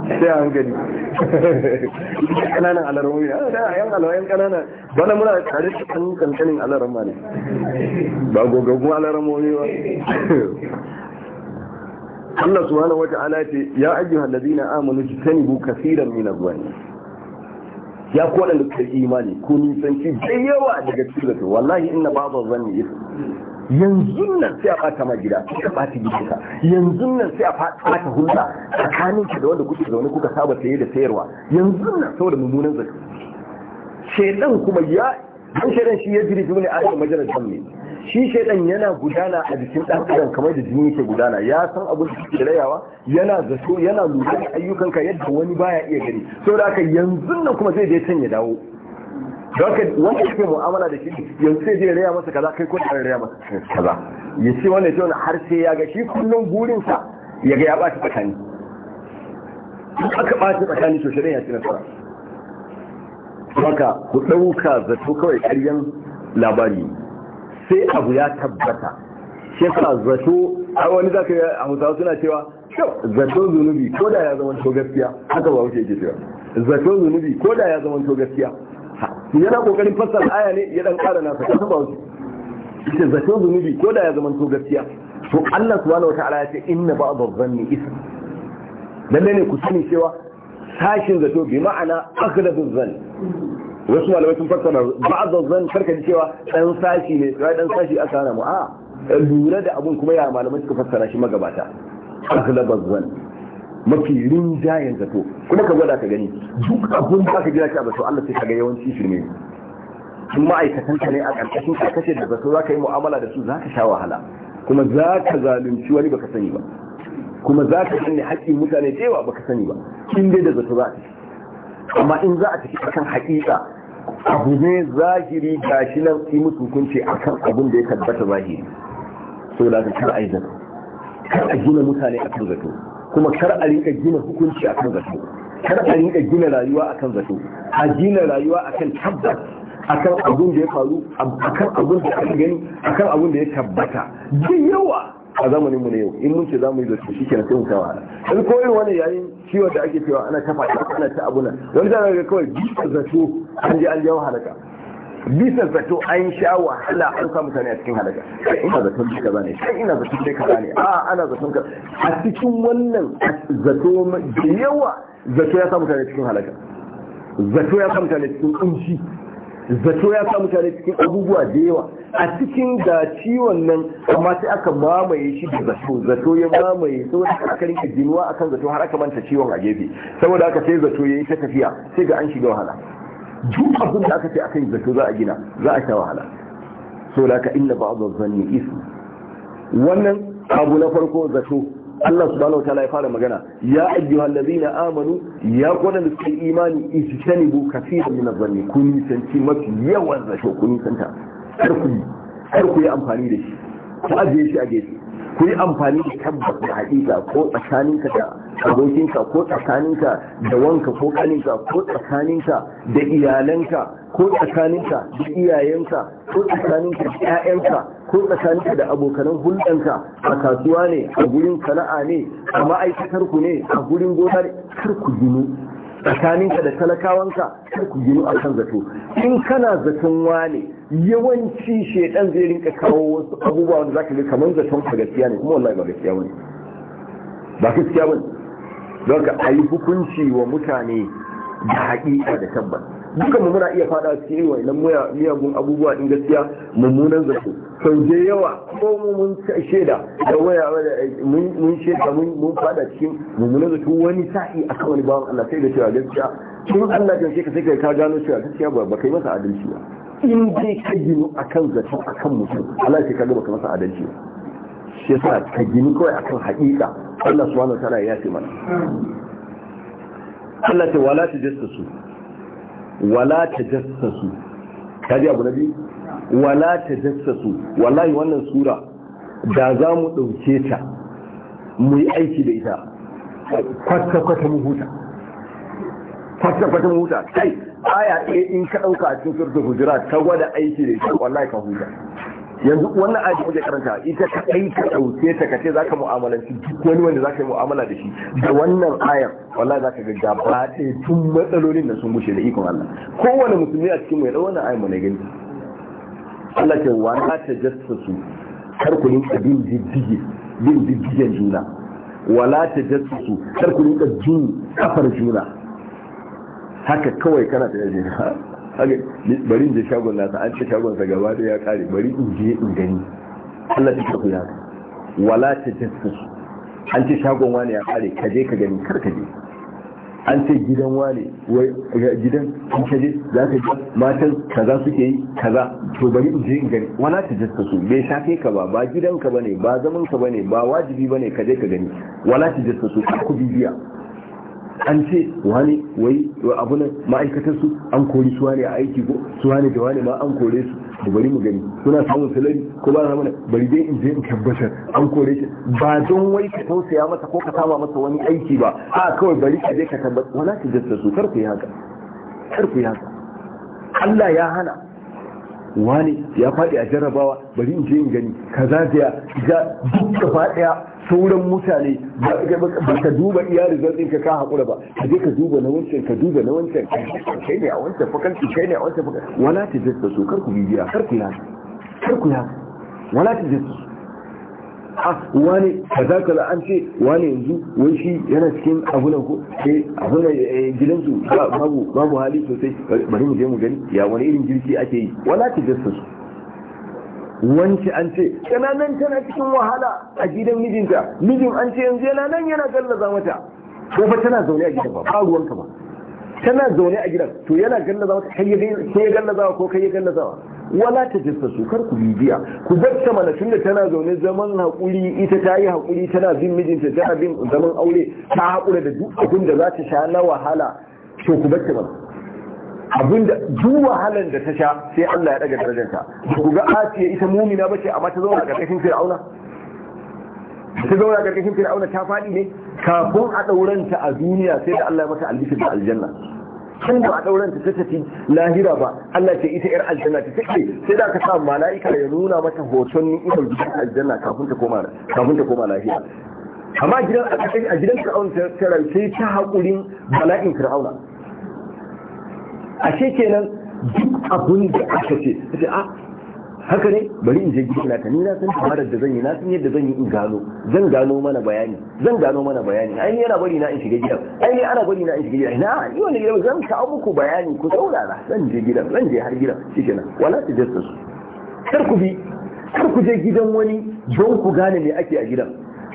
sai an hankali kananan alarmomin a ah, da yan alawayen kananan bana muna tare da kan kankanin alarma ne ba gogaggun alarmomi ba Allah subhanahu wata'ala ce ya ayyuhal ladina amanu sani kaseeran min adh-dhanni ya ku wadanda suka imani ko nisanci da yawa daga cikin wallahi inna ba'dha zan yi. yanzu nan sai a bata ma gida sai ka bata gidanka yanzu nan sai a bata hulɗa tsakanin ka da wanda kuke zaune kuka saba saye da sayarwa yanzu nan saboda mummunan zato shedan kuma ya dan shedan shi ya jiri ne a cikin majalar ne shi shedan yana gudana a jikin dan adam kamar da jini yake gudana ya san abin da kike rayawa yana zato yana lura da ayyukanka yadda wani baya iya gani saboda haka yanzu nan kuma zai je can ya dawo haka wanda yake mu'amala da shi yanzu sai zai raya masa kaza kai ko da raya masa kaza ya ce wanda ya har sai ya ga shi kullum burinsa ya ga ya ɓaci tsakani in aka ɓaci tsakani to shirin ya ci nasara haka ku ɗauka zato kawai ƙaryan labari sai abu ya tabbata shi yasa zato a wani zaka yi a hausawa suna cewa zato zunubi ko da ya zama to gaskiya haka ba wuce ke cewa zato zunubi ko da ya zama to gaskiya yana kokarin fassara aya ne ya dan kara nasa kasa ba wasu ita zato zunubi ko da ya zama to gaskiya to Allah subhanahu wataala ya ce inna ba'd adh-dhanni ism lalle ne ku sani cewa sashin zato bi ma'ana aghlabu dhann wasu malamai sun fassara ba'd adh-dhann karka ji cewa dan sashi ne sai dan sashi aka mu a lura da abun kuma ya malamai suka fassara shi magabata aghlabu dhann mafi rinjayen zato kuma ka gwada ka gani duk abun ba aka gina shi a zato Allah sai ka ga yawanci ne. sun ma'aikatan ka ne a ƙarƙashin ka kace da zato za ka yi mu'amala da su za ka sha wahala kuma za ka zalunci wani baka sani ba kuma za ka sani haƙƙin mutane da yawa baka sani ba in dai da zato za ka amma in za a tafi kan haƙiƙa abu ne zahiri shi nan yi musu hukunci akan abun da ya tabbata zahiri saboda ka kar a yi zato kar a gina mutane a kan zato kuma kar a rika gina hukunci akan zato kar a rika gina rayuwa akan zato a gina rayuwa akan tabbas akan abun da ya faru akan abun da aka gani akan abun da ya tabbata duk yawa a zamanin mu ne yau in mun ce zamu yi da shi kenan sai mu kawo in ko irin wani yayin ciwon da ake cewa ana ta ana ta abuna wani zai ga kawai bisa zato an je an jawo halaka bisa zato an sha wahala an sa mutane a cikin halaka kai ina zaton shi kaza ne kai ina zaton shi kaza ne a ana zaton ka a cikin wannan zato da yawa zato ya sa mutane cikin halaka zato ya sa mutane cikin kunci zato ya sa mutane cikin abubuwa da yawa a cikin da ciwon nan amma sai aka mamaye shi da zato zato ya mamaye saboda aka rinka jinuwa akan zato har aka manta ciwon a gefe saboda aka sai zato ya yi ta tafiya sai ga an shiga wahala duk abin da aka ce aka yi zato za a gina za a ta wahala so da ka inna ba'd zanni isu wannan abu na farko zato Allah subhanahu wataala ya fara magana ya ayyuhal ladina amanu ya kuna da suka imani istanibu kaseeran min adh-dhanni kun sanci mafi yawan zato kun santa kar ku kar ku yi amfani da shi ku ajiye shi a gefe ku yi amfani da tabbas da hakika ko tsakaninka da abokinka ko tsakaninka da wanka ko kaninka ko tsakaninka da iyalanka ko tsakaninka da iyayenka ko tsakaninka da 'ya'yanka ko tsakaninka da abokanan hulɗanka a kasuwa ne a gurin sana'a ne a ma'aikatar ku ne a gurin gonar kar ku ginu tsakaninka da talakawanka kar ku ginu a kan zato in kana zaton wane yawanci shedan zai rinka kawo wasu abubuwa wanda zaka ga kamar zaton ka gaskiya ne kuma wallahi ba gaskiya bane ba gaskiya bane don ka a yi hukunci wa mutane da haƙiƙa da tabbas dukan mu muna iya fada su yi wa ilan miyagun abubuwa din gaskiya mummunan zato sau je yawa ko mu mun shaida da waya eh, mun shaida mun fada cikin mummunan zato wani sa'i a kawai bawan Allah sai da cewa gaskiya tun Allah kan sai ka sai ka gano cewa gaskiya ba kai masa adalci ba in dai ka gino a kan akan a kan mutum Allah sai ka gaba ka masa adalci ba shi yasa ka gini kawai akan haƙiƙa Allah subhanahu wa ta'ala ya ce mana Allah ce wala su wala tajassasu kaji abu nabi wala su, wallahi wannan sura da za mu ɗauke ta mu yi aiki da ita kwata-kwata mu huta kwata-kwata mu huta kai aya ɗaya in ka ɗauka a cikin surta hujura ka gwada aiki da ita wallahi ka huta yanzu wannan aji kuke karanta ita ka kai ka dauke ta kace zaka mu'amalanci duk wani wanda zaka yi mu'amala da shi da wannan ayar wallahi zaka ga gaba ɗaya tun matsalolin da sun bushe da ikon Allah kowane musulmi a cikin mai wannan ayar mu ne gani Allah ce wa la tajassasu kar ku rinka bin diddige bin diddigen juna wa la tajassasu kar ku rinka jin kafar juna haka kawai kana ta yaje bari in je shagon nasa an ce shagon sa gaba da ya kare bari in je in gani Allah ta kafa ya wala ta tafi an ce shagon wani ya kare ka je ka gani kar ka je an ce gidan wani gidan in ka je za ka ga matan kaza suke yi kaza to bari in je in gani wala ta tafi bai shafe ka ba ba gidan ka bane ba zaman ka bane ba wajibi bane ka je ka gani wala ta tafi ku bibiya an ce wani wai nan ma'aikatar su an kori su ne a aiki ko su ne da wani ma an kore su to bari mu gani suna samun salari ko ba mana bari dai in je in tabbatar an kore shi ba don wai ka tausaya masa ko ka kama masa wani aiki ba a kawai bari ka je ka tabbatar wala ka jasta su kar ku yi haka kar ku yi haka Allah ya hana wani ya faɗi a jarrabawa bari in je in gani ka za ta duk duka faɗiya sauran mutane ba ka duba iya rizal ka ka haƙura ba ka je ka duba na wancan ka duba na wancan kai ne a wancan fakanci kai ne a wancan fakanci wala ta jasta su kar ku bibiya kar ku yi kar ku yi wala ta jasta su a ah, wani kaza kaza an ce wani yanzu wai shi yana cikin abunan ko sai eh, abunan eh, gidansu babu babu hali sosai bari mu je mu gani ya wani irin girki ake yi wala ta jasta su wanci an ce Yana nan tana cikin wahala a gidan mijinta mijin an ce yanzu yana nan yana gallaza mata ko ba tana zaune a gidan ba ba ruwanka ba tana zaune a gidan to yana gallaza mata kai ya gallaza ko kai ya gallaza wala ta su kar ku bibiya ku bar sama mana tunda tana zaune zaman haƙuri ita ta yi haƙuri tana bin mijinta tana bin zaman aure ta haƙura da duk abin da za ta sha na wahala to ku bar sama abin da duk wahalan da ta sha sai Allah ya daga darajarta ku ga asiya ita mumina ce amma ta zauna karkashin fir'auna ta zauna karkashin fir'auna ta faɗi ne kafin a ɗauranta a duniya sai da Allah ya mata albishir da aljanna can a ɗauran ta tafi lahira ba Allah ke ita yar aljanna ta take sai da ka sa mala'ika ya nuna mata hoton ni'imar gidan aljanna kafin ta koma kafin ta koma lahira amma gidan a gidan fir'auna ta rayu sai ta haƙurin bala'in fir'auna ashe kenan duk abun da aka ce a haka ne bari in je gidana ta ni na san tabarar da zan yi na san yadda zan yi in gano zan gano mana bayani zan gano mana bayani ai yana bari na in shiga gidan ai ni ana bari na in shiga gidan na ni wannan gidan zan kawo muku bayani ku saurara zan je gidan zan je har gidan shikenan wala su, kar ku bi kar ku je gidan wani don ku gane me ake a gidan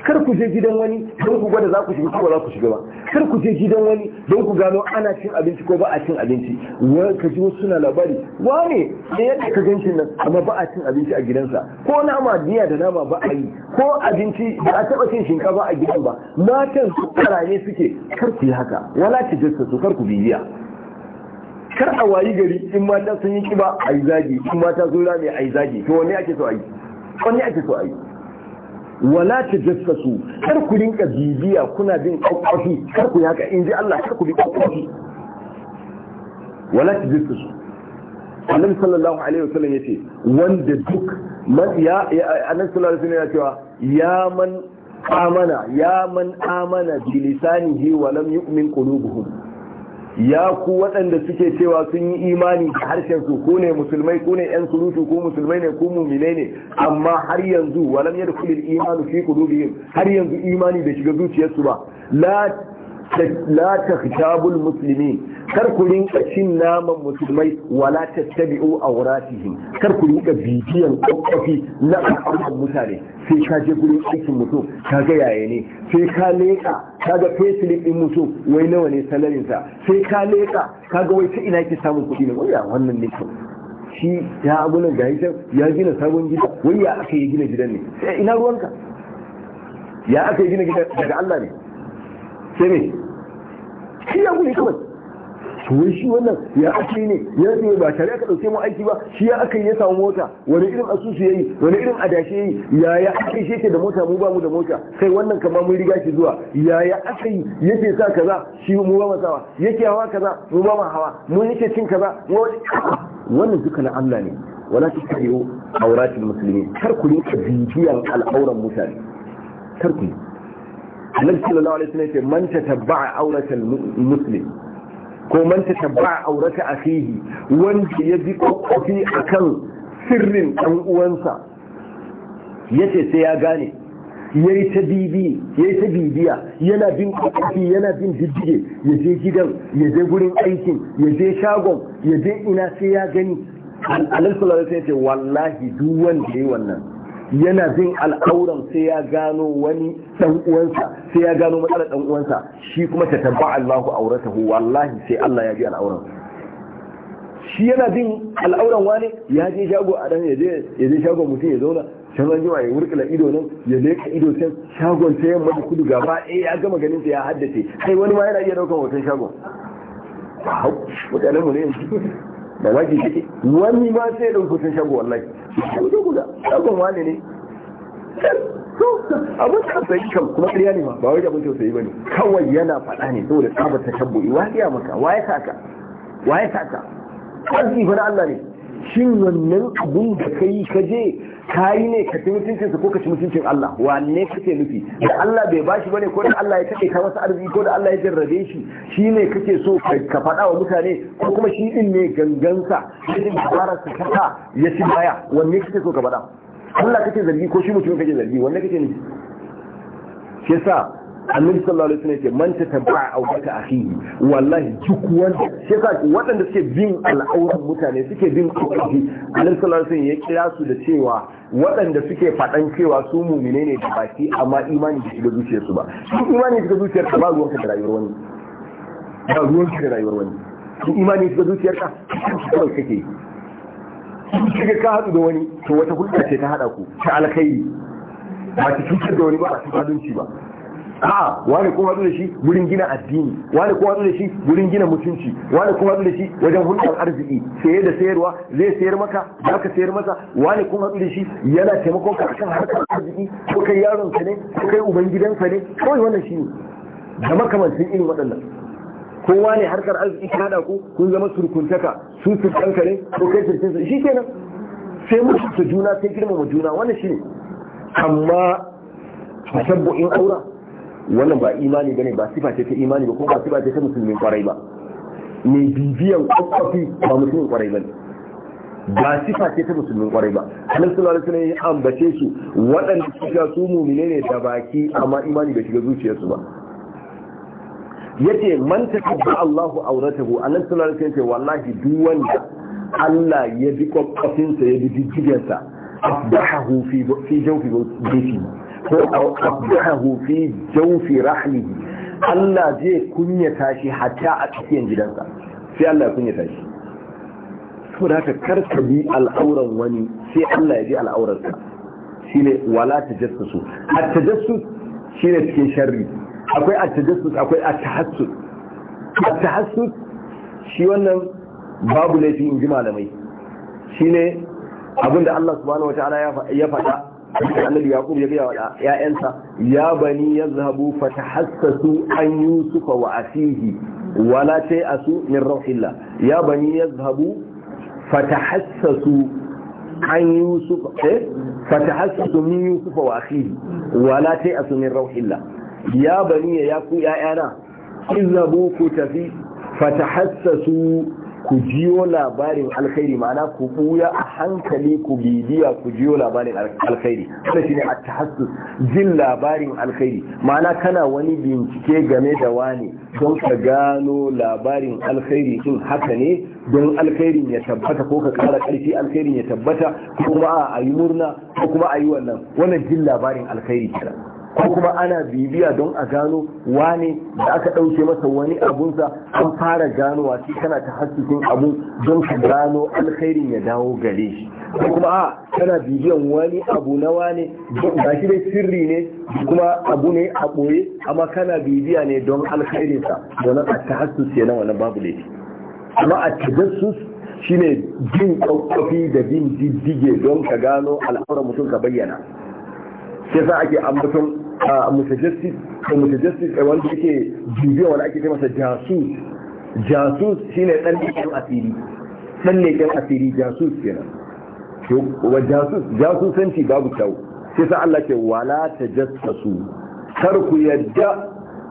kar ku je gidan wani don ku gwada za ku shiga ko za ku shiga ba kar ku je gidan wani don ku gano ana cin abinci ko ba a cin abinci wai ka ji wasu suna labari wane ne yadda ka ganci nan amma ba a cin abinci a gidansa ko nama miya da nama ba a yi ko abinci ba a taba cin shinkafa a gidan ba matan su karaye suke kar ku yi haka wala ta jasta su kar ku bibiya kar a wayi gari in mata sun yi kiba a yi zagi in mata sun rame a yi zagi to wani ake so a yi wani ake so a yi wala ta su, har ku rinka bibiya kuna bin kwakwafi har ku haka in ji Allah har ku bi kwakwafi wala ta su. annabi sallallahu alaihi wasallam yace wanda duk man ya annabi sallallahu alaihi wasallam ya cewa ya man amana ya man amana bi lisanihi wa lam yu'min qulubuhum ya ku waɗanda suke cewa sun yi imani da harshen su ko ne musulmai ko ne yan surutu ko musulmai ne ko mumine ne amma har yanzu walam kulil imanu fi qulubihim har yanzu imani da shiga zuciyarsu ba la la ta takhtabul muslimin kar ku rinka cin naman musulmai wala tattabi'u awratihim kar ku rinka bibiyan kokofi na al'ummar mutane sai ka je gurin aikin mutum ka ga yaya ne sai ka leka ka ga payslip din mutum wai nawa ne salarin sa sai ka leka ka ga wai sai ina yake samun kuɗi ne wai wannan ne shi ya abunan ga ya gina sabon gida wai ya aka yi gina gidan ne Sai ina ruwanka ya aka yi gina gidan daga Allah ne sai ne shi ya gudu kawai to shi wannan ya ake ne ya zai ba tare aka dauke mu aiki ba shi ya aka ya samu mota wani irin asusu yayi wani irin adashe yayi ya aka shi yake da mota mu ba mu da mota sai wannan kamar mun riga shi zuwa ya aka yi yake sa kaza shi mu ba mu sawa yake hawa kaza mu ba mu hawa mu yake cin kaza mu wannan duka na Allah ne wala tattabi'u awratil musulmi kar ku rinka bibiyan al'auran mutane kar ku annabi sallallahu alaihi wasallam ya ce man auratal muslim ko man tatabba'a aurata akhihi wanda ya bi kokofi akan sirrin dan uwansa yace sai ya gane yayi ta bibi yayi ta bibiya yana bin kokofi yana bin diddige ya je gidan yaje gurin aikin yaje shagon yaje ina sai ya gani alal sallallahu alaihi wasallam ya ce wallahi duk wanda yayi wannan yana jin al'auran sai ya gano wani dan uwansa sai ya gano matsalar dan uwansa shi kuma ta tabba Allahu auratahu wallahi sai Allah ya ji al'auran shi yana jin al'auran wani ya je shago a dan ya je ya je shago mutum ya zauna can an jima ya wurkula ido nan ya leka ido can shagon sai ya da kudu gaba eh ya gama ganin sa ya haddace kai wani ma yana iya daukan hoton shagon mutanen mu ne yanzu da waje wani ma sai da kusan shago wallahi kuje guda shagon wani ne so abin da sai kam kuma ƙarya ne ma ba wai abun tausayi bane kawai yana faɗa ne saboda tsabar tashabbu'i wa ya maka wa ya saka wa ya saka arziki fa Allah ne shin wannan abun da kai ka je kayi ne ka ci mutuncin ko ka ci mutuncin Allah wanne kake nufi da Allah bai bashi bane ko da Allah ya kake ka masa arziki ko da Allah ya jarrabe shi shine kake so ka faɗa wa mutane ko kuma shi din ne gangansa irin dabarar sa kasa ya ci baya wanne kake so ka faɗa Allah kake zargi ko shi mutum kake zargi wanne kake nufi shi yasa annabi sallallahu alaihi wasallam ce man tatabba awata akhihi wallahi duk wanda shi ka waɗanda suke bin al'auran mutane suke bin kokafi annabi sallallahu alaihi wasallam ya kira su da cewa waɗanda suke faɗan cewa su mumine ne da baki amma imani da shiga zuciyarsu ba shi imani shiga zuciyar ka ba ka da rayuwar wani ba ka da rayuwar wani shi imani shiga zuciyar ka kawai kake shiga ka haɗu da wani to wata hulɗa ce ta haɗa ku ta alkhairi ba ta cutar da wani ba ba ta ba a'a wani kuma haɗu da shi gurin gina addini wani kuma haɗu da shi gurin gina mutunci wani kuma haɗu da shi wajen hulɗar arziki saye da sayarwa zai sayar maka za ka sayar masa wani kuma haɗu da shi yana taimakon ka akan harkar arziki ko kai yaron ka ne ko kai ubangidansa ne kawai wannan shi ne da makamancin irin waɗannan kowa ne harkar arziki ka haɗa ku kun zama surkuntaka su surkanka ne ko kai surkinsa shi kenan sai mutunta juna sai girmama juna wannan shi ne amma tashabbu'in aura wannan ba imani bane ba sifa ce ta imani ba kuma ba sifa ce ta musulmin kwarai ba mai bibiyan kwakwafi ba musulmin kwarai ba ne ba sifa ce ta musulmin kwarai ba annabi sallallahu alaihi wasallam ya ambace su waɗanda suka su mu'mine ne da baki amma imani bai shiga zuciyarsu ba yace man takabba Allahu auratahu annabi sallallahu alaihi wasallam wallahi duk wanda Allah ya bi kwakwafinsa ya bi jijiyarsa hu fi fi jawfi ko abdahu fi jawfi rahlihi Allah zai kunyata shi hatta a cikin gidansa sai Allah ya kunyata shi saboda haka ka bi al'auran wani sai Allah ya bi al'aurarsa shine wala tajassasu at-tajassus shine cikin sharri akwai at-tajassus akwai at-tahassus at-tahassus shi wannan babu laifi in ji malamai shine abinda Allah subhanahu wataala ya faɗa annabi yaqub ya gaya wa ƴaƴansa ya bani yazhabu fatahassasu an yusufa wa asihi wala ta'asu min rauhillah ya bani yazhabu fatahassasu an yusufa eh fatahassasu min yusufa wa akhihi wala ta'asu min rauhillah ya bani ya ku ƴaƴana izhabu ku tafi fatahassasu ku jiyo labarin alkhairi ma'ana ku buya a hankali ku bibiya ku jiyo labarin alkhairi wanda shine at-tahassus jin labarin alkhairi ma'ana kana wani bincike game da wani don ka gano labarin alkhairi din haka ne don alkhairin ya tabbata ko ka kara karfi alkhairin ya tabbata ko kuma a yi murna ko kuma a yi wannan wannan jin labarin alkhairi kenan ko kuma ana bibiya don a gano wani da aka ɗauke masa wani abunsa an fara ganowa shi kana ta hasikin abu don ka gano alkhairin ya dawo gare shi ko kuma a kana bibiyan wani abu na wani ba shi dai sirri ne kuma abu ne a ɓoye amma kana bibiya ne don alkhairin sa, don a ta ya na wani babu laifi amma a tajassus shine jin kokofi da bin diddige don ka gano al'auran mutum ka bayyana sai sa ake ambaton mutajassis ko mutajassis wanda yake dubiya wanda ake ce masa jasus jasus shine dan leken asiri dan leken asiri jasus kenan to wa jasus jasusanci babu kyau sai sa Allah ke wala tajassasu kar ku yadda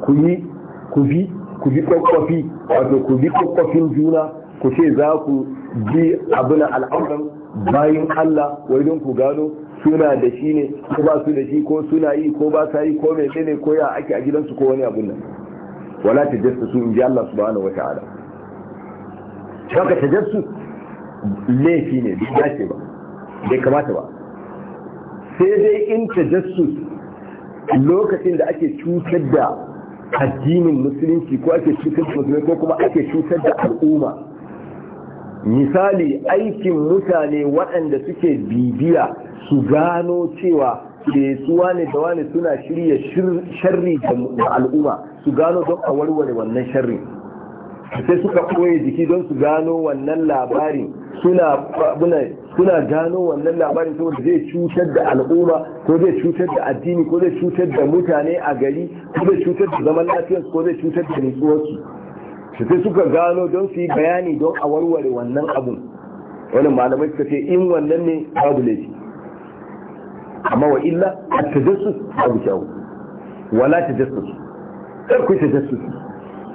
ku yi ku bi ku bi kwakwafi wato ku bi kwakwafin juna ku ce za ku bi na al'amuran bayan Allah wai don ku gano suna da shi ne ko ba su da shi ko suna yi ko ba sa yi ko mai ne ko ya ake a gidansu ko wani abun nan wala ta jasta su in ji Allah su wata ala shaka ta jasta laifi ne bai dace ba bai kamata ba sai dai in ta jasta lokacin da ake cutar da addinin musulunci ko ake cutar da musulunci ko kuma ake cutar da al'umma misali aikin mutane waɗanda suke bibiya su gano cewa ke eh, su wane da wane suna shirya sharri da al'umma su gano don a warware wannan sharri sai suka koye jiki don su gano wannan labarin suna gano wannan labarin saboda zai cutar da al'umma ko zai cutar da addini ko zai cutar da mutane a gari ko zai cutar da zaman lafiyarsu ko zai cutar da nutsuwarsu sai suka gano don su yi bayani don a warware wannan abun wani malamai suka ce in wannan ne babu laifi amma wa illa a tajassu abu kyau wala tajassu kar ku tajassus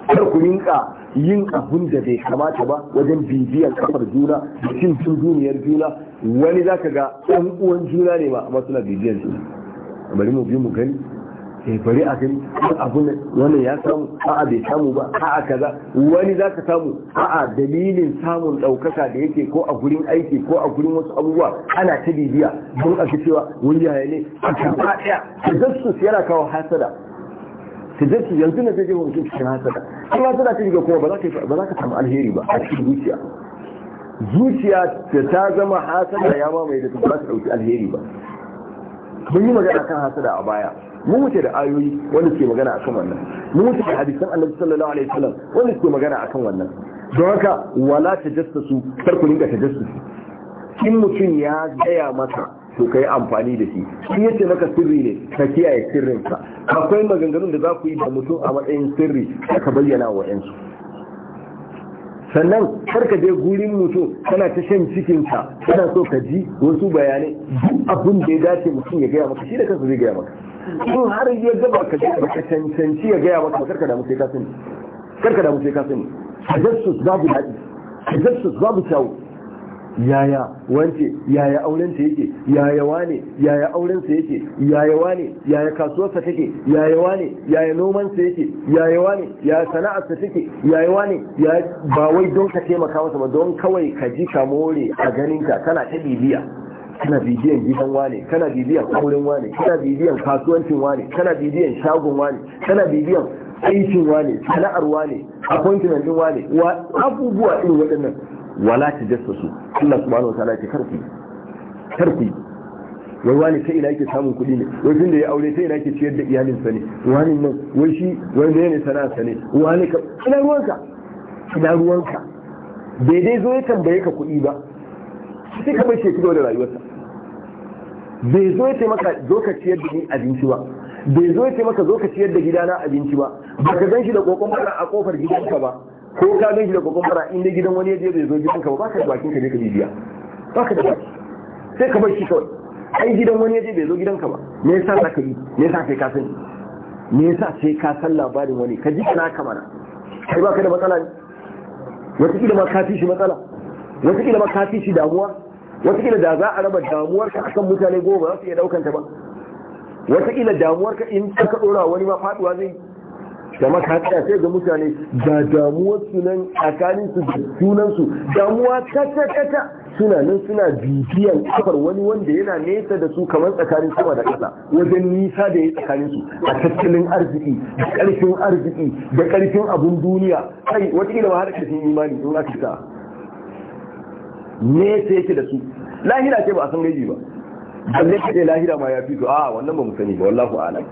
kar ku yinka yin abun da bai kamata ba wajen bibiyar kafar juna da cin cin duniyar juna wani ka ga ɗan uwan juna ne ba amma suna bibiyar juna bari mu bi mu gani sai eh, bari a gani abun wannan ya samu a'a bai samu ba a'a kaza wani za ka samu a'a dalilin samun ɗaukaka da yake ko a gurin aiki ko a gurin wasu abubuwa ana ta bibiya don a cewa wani yaya ne a gaba ɗaya tajassus yana kawo hasada tajassus yanzu na zai mutum cikin hasada kuma hasada ta shiga kuma ba za ka samu alheri ba a cikin zuciya zuciya da ta zama hasada ya mamaye da ta ba ta ɗauki alheri ba mun yi magana kan hasada a baya mu wuce da ayoyi wanda ke magana akan wannan mu wuce da hadisan annabi sallallahu alaihi wasallam wanda ke magana akan wannan don haka wala tajassasu kar ku dinga tajassasu in mutum ya gaya maka to kai amfani da shi shi yace maka sirri ne ka kiyaye sirrinsa, akwai maganganun da za ku yi da mutum a matsayin sirri ka bayyana wa yansu sannan ka je gurin mutum kana ta shan cikin ka, kana so ka ji wasu bayanai duk abin da ya dace mutum ya gaya maka shi da kansa zai gaya maka in har ya gaba ka ka cancanci ya gaya maka karka da musai ka sani karka da musai ka sani tajassus babu daɗi tajassus babu kyau yaya wance yaya aurenta yake yaya wane yaya aurensa yake yaya wane yaya kasuwarsa take yaya wane yaya nomansa yake yaya wane yaya sana'arsa take yaya wane ba wai don ka taimaka masa ba don kawai ka ji ka more a ganinka kana ta bibiya kana bibiyan gidan wane kana bibiyan auren wane kana bibiyan kasuwancin wane kana bibiyan shagon wane kana bibiyan aikin wane sana'ar wane appointment din wane wa abubuwa irin waɗannan wala ta dasa su Allah subhanahu wataala ce karku karku wai wani sai ina yake samun kuɗi ne wai tun da ya aure sai ina yake ciyar da iyalinsa ne wani nan wai shi wai ne sa ne wani ka ina ruwanka ina ruwanka bai dai zo ya tambaye ka kuɗi ba sai ka bar shi da rayuwarsa bai zo ya taimaka zo ka ciyar da ni abinci ba bai zo ya taimaka zo ka ciyar da gidana abinci ba ba ka gan shi da kokon bara a kofar gidanka ba ko ka gan shi da kokon bara inda gidan wani ya je bai zo gidanka ba ba ka da bakin ka ne ka bibiya ba ka da baki sai ka bar shi kawai ai gidan wani ya je bai zo gidanka ba me yasa za ka yi me yasa sai ka sani me yasa sai ka san labarin wani ka ji kana kamana. kai ba ka da matsala ne wataƙila ma ka fi shi matsala wataƙila ma ka fi shi damuwa watakila da za a raba damuwarka akan mutane goma za su iya daukanta ba watakila damuwarka in ka dora wani ma faduwa zai kamar ka tsaya sai ga mutane da damuwar sunan tsakanin su da sunan su damuwa ta kata suna nan suna bibiyan kafar wani wanda yana nesa da su kamar tsakanin sama da ƙasa wajen nisa da ya tsakanin su a tattalin arziki da ƙarfin arziki da ƙarfin abun duniya kai wata ma har ƙarfin imani in aka sa ne sai yake da su lahira ce ba a san gaji ba balle ka ce lahira ma ya fito a wannan ba mu sani ba wallahu a'lam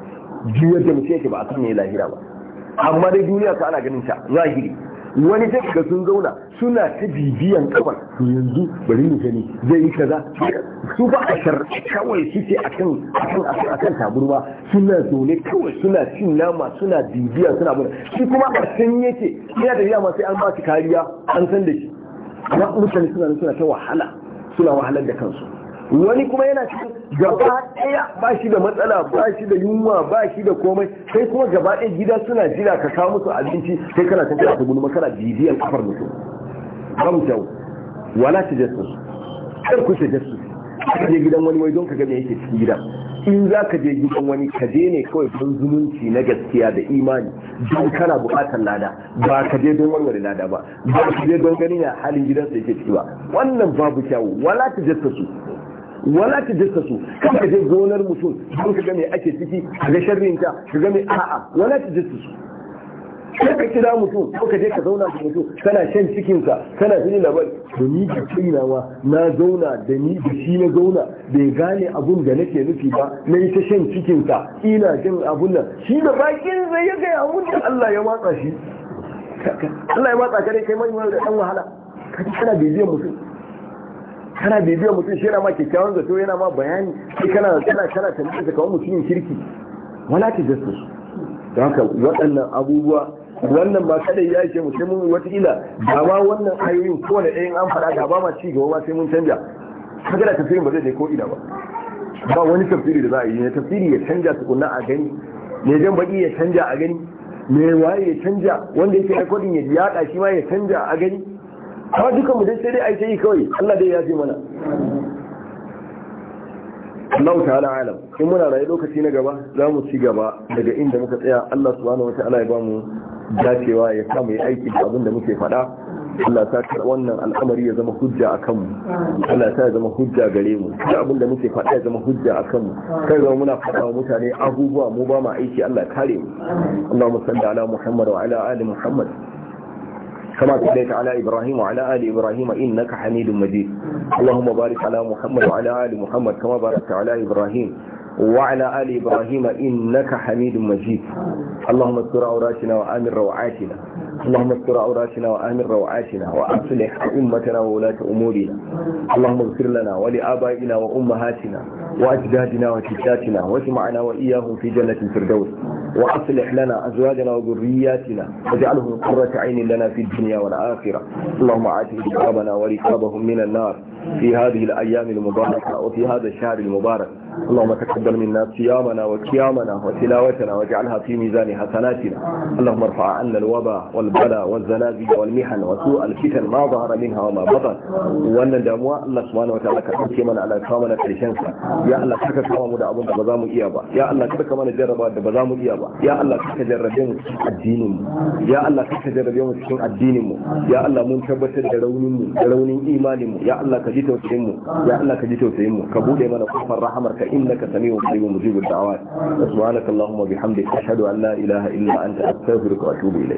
duk ce mu ce ba a san ne lahira ba amma dai duniya ta ana ganin ta zahiri wani ce ga sun zauna suna ta bibiyan kafa to yanzu bari mu gani zai yi kaza su ba a shar kawai su ce akan akan akan taburwa suna zaune kawai suna cin nama suna bibiya suna bura shi kuma a san yake yana da yama sai an ba shi kariya an san da shi mutane suna ta wahala suna wahalar da kansu wani kuma yana cikin gaba daya ba shi da matsala ba shi da yunwa ba shi da komai sai kuma gaba daya gida suna jira ka kawo musu abinci sai kana ta jira ta gudu makara bibiyan kafar mutum ba mu kyau wala ta jasus kar ku ta jasus ka je gidan wani wai don ka ga me yake cikin gidan in za ka je gidan wani ka je ne kawai don zumunci na gaskiya da imani don kana buƙatar lada ba ka je don wani lada ba ba ka je don ganin ya halin gidan gidansa yake ciki ba wannan babu kyawu wala ta jasta su wala ta jasta su kan ka je gonar mutum don ka ga ake ciki a ga sharrinta ka ga a'a wala ta jasta su sai ka kira mutum ko ka je ka zauna da mutum kana shan cikinsa kana jini labari da ni da kaina ma na zauna da ni da shi na zauna bai gane abun da nake nufi ba na yi ta shan cikinsa ina jin abun nan shi da bakin zai ya ga abun da Allah ya watsa shi Allah ya watsa ka dai kai manyan da dan wahala kaji kana bibiyan mutum kana bibiyan mutum shi yana ma kyakkyawan zato yana ma bayani sai kana kana kana tambayar da kawai mutumin kirki wala ta jasu haka waɗannan abubuwa wannan ba kada ya ce mu sai mun watakila ba ma wannan ayoyin da ɗayan an fara da ba ma ci gaba ba sai mun canja kaga da tafsirin ba zai je ko ina ba ba wani tafsiri da za a yi ne tafsiri ya canja tukunna a gani ne jan baki ya canja a gani me waye ya canja wanda yake rekodin ya yaɗa shi ma ya canja a gani amma dukan mu dai sai dai a yi kawai Allah dai ya ce mana Allah ta'ala alam in muna rayu lokaci na gaba za mu ci gaba daga inda muka tsaya Allah subhanahu wata'ala ya ba mu dacewa ya mu yi aiki da abin da muke faɗa Allah ta wannan al'amari ya zama hujja a kanmu Allah ta zama hujja gare mu da abin da muke faɗa ya zama hujja a kanmu kai zama muna faɗa wa mutane abubuwa mu ba aiki Allah kare mu Allahumma salli ala Muhammad wa ala ali Muhammad كما صليت على إبراهيم وعلى آل إبراهيم إنك حميد مجيد اللهم بارك على محمد وعلى آل محمد كما باركت على إبراهيم وعلى آل إبراهيم إنك حميد مجيد اللهم استر عوراتنا وآمن روعاتنا اللهم استر عوراتنا وآمن روعاتنا وأصلح أئمتنا وولاة أمورنا اللهم اغفر لنا ولآبائنا وأمهاتنا وأجدادنا وجداتنا واجمعنا وإياهم في جنة الفردوس وأصلح لنا أزواجنا وذرياتنا واجعلهم قرة عين لنا في الدنيا والآخرة اللهم عاتب ربنا ورقابهم من النار في هذه الأيام المباركة وفي هذا الشهر المبارك اللهم تقبل منا صيامنا وقيامنا وتلاوتنا واجعلها في ميزان حسناتنا اللهم ارفع عنا الوباء والبلاء والزلازل والمحن وسوء الفتن ما ظهر منها وما بطن وان الدموع الله سبحانه وتعالى كتبك من على كامنا كريشنسا يا الله كك كما مدى أبونا بزامو إيابا يا الله كك كما نجربا بزامو إيابا يا الله كك جربين الدين يا الله كك جربين الدين يا الله من تبتل درونين درونين إيمان يا الله كك ji tausayin mu ya Allah ka ji tausayin mu ka bude mana kofar rahamar ka innaka samiu qaribun mujibud da'awat subhanakallahumma bihamdika ashhadu an la ilaha illa anta astaghfiruka wa atubu ilayk